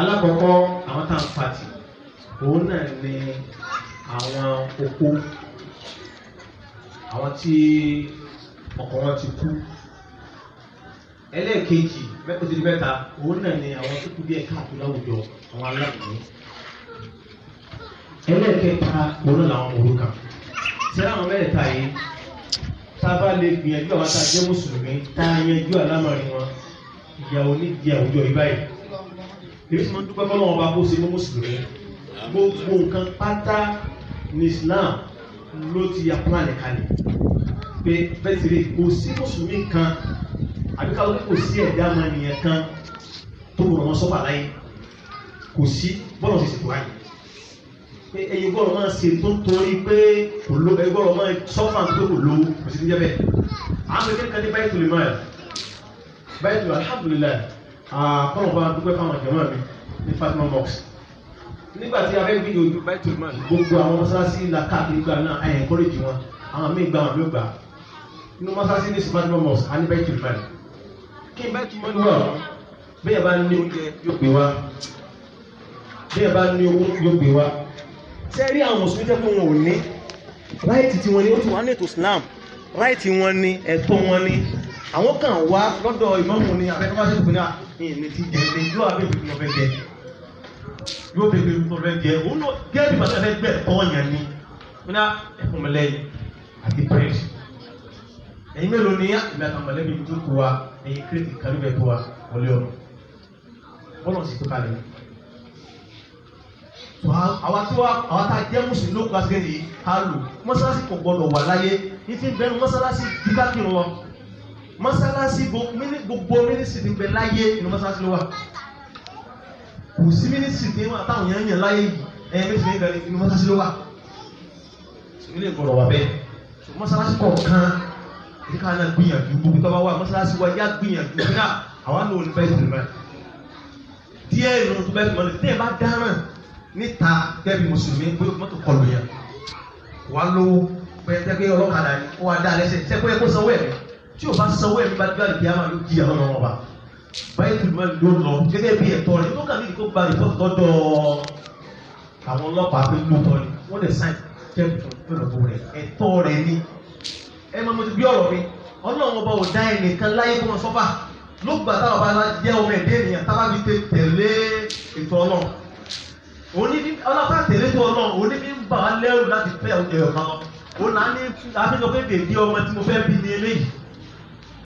alákọ̀ọ́kọ́ àwọn tá à ń pàtì òun náà ni àwọn opó àwọn tí ọkọ wọn ti kú ẹlẹ́ẹ̀kejì mẹ́kọ̀ọ́ ti di mẹ́ta òun náà ni àwọn tó kú díẹ̀ káàkiri láwùjọ àwọn aláìní ẹlẹ́ẹ̀kẹta òun náà làwọn òrùka sẹ́lá àwọn mẹ́rẹ̀ẹ̀ta yìí tá a bá gbìyànjú àwọn tá jẹ́ mùsùlùmí tá a yanjú àlámọ̀rin wọn ìyàwó nídìí àwùjọ yìí báyìí èmi máa ń dúpẹ́ fọlọ́ ọba kó ṣe mùsùlùmí gbogbo nǹkan pátá ní Islam ló ti apply kalẹ̀ pé bẹ́tìrì kò sí mùsùlùmí kan àbí káwọn kò sí ẹ̀dá ọmọnìyàn kan tó gbọdọ̀ wọn sọ́fà láyé kò sí bọ́lọ̀ ṣe ṣètò ayé pé ẹyin gbọ́dọ̀ máa ṣe tó ń torí pé kò ló ẹyin gbọ́dọ̀ máa sọ́fà tó kò lówó kò sí ní jẹ́ bẹ́ẹ̀ àwọn kékeré kan ní báyìí tó lè máa àkọ́wọ̀ bá dúpẹ́ fáwọn jẹ̀mọ́ mi ní Fatima box nígbà tí a fẹ́ bí ojú gbogbo àwọn mọ́sálásí la káàkiri gba náà ẹ̀ ẹ̀kọ́rẹ́jì wọn àwọn míì gba àwọn míì gbà inú mọ́sálásí ní Fatima box a ní bẹ́ẹ̀ tìrìmọ́ kí bẹ́ẹ̀ tìrìmọ́ ní wọ́n bẹ́ẹ̀ bá ní oúnjẹ yóò gbé wá bẹ́ẹ̀ bá ní owó yóò gbé wá sẹ́rí àwọn mùsùlùmí jẹ́ pé wọn ò ní ráìtì tiwọn ni ó ti wà ní ètò Islam ráìtì wọn ni ẹ̀tọ́ wọn ni àwọn kan wá lọ́dọ̀ ìmọ̀mù ni abẹ́kọ́bájú pé náà ní ìní ti jẹ ilé yóò abẹ́ ìlú lọ́fẹ́ jẹ yóò bẹ ìlú lọ́fẹ́ jẹ òun ló gẹ́ bí bàtà fẹ́ gbẹ̀ tọ́yàn ni pé náà ẹkùn mọ̀lẹ́yìn àti bírèdì ẹ̀yin mélòó ni ìgbà kan mọ̀lẹ́bí tó kù wa ẹ̀yin kírètì kan níbẹ̀ kù wa wọlé ọ̀nà bọ́lá sì tó kalẹ̀ àwa tí wa àwa tá a jẹ́ mùsùlùmí ló kọ́ àti kẹ́ni ká lò mọ́sálásí kò gbọ́dọ̀ wà láyé ní ti bẹ́ẹ̀ mọ́sálásí dígbà kí n lọ mọ́sálásí gbogbo mínísì ti bẹ láyé inú mọ́sálásí ló wà kò sí mínísì tí wọn àtàwọn yẹn ń yàn láyé yìí ẹ̀yìn méjì ní ìbẹ̀rẹ̀ inú mọ́sálásí ló wà ilé ìgbọ̀rọ̀ wà bẹ́ẹ̀ mọ́sálásí kọ̀ọ̀kan ní ká náà gbìyànjú gbogbo tó bá wà mọ́sálásí wa yá gbìyànjú bí náà àwọn àna òní bẹ́ẹ̀ tì mọ́ díẹ̀ inú tó bẹ́ẹ̀ tì mọ́ díẹ̀ bá dáràn níta gẹ́bí mùsùlùmí pé mọ́tò kọlù yẹn wà lówó pẹ̀lú tẹ́gbẹ́ ọlọ́kadà ni ó wà dá lẹ́sẹ̀ tẹ́gbẹ́ kó sanwó ẹ̀mí tí o bá sanwó ẹ̀ bá gbá ìdí àwọn yóò di àwọn ọmọ wa báyìí tó máa lò lọ gẹ́gẹ́ bí ẹ̀tọ́ rẹ̀ tó kàwé kó gba ìtọ́ tọ́jọ́ àwọn ọlọ́pàá pé lóòótọ́ ni wọ́n lè sáì kẹ́kọ̀ọ́ lọ́dọ̀ rẹ̀ ẹ̀tọ́ rẹ̀ ni ẹ máa mo ti gbé ọ̀rọ̀ mi ọlọ́run ọba ò dá ẹnìkan láyé kó wọn sọ́fà ló gbà táwọn ọba la jẹ́ ọmọ ẹ̀dẹ́ ènìyàn tábà fi tẹ tẹ̀lé ètò ọlọ́run òní bí ọlọ́pàá tẹ̀lé tó ọlọ́run òní bí ń bà á lẹ́rù láti fẹ́ ọ̀jẹ̀ ọ̀kan òun náà ní àfihàn pé bèbí ọmọ tí mo fẹ́ bí ní eléyìí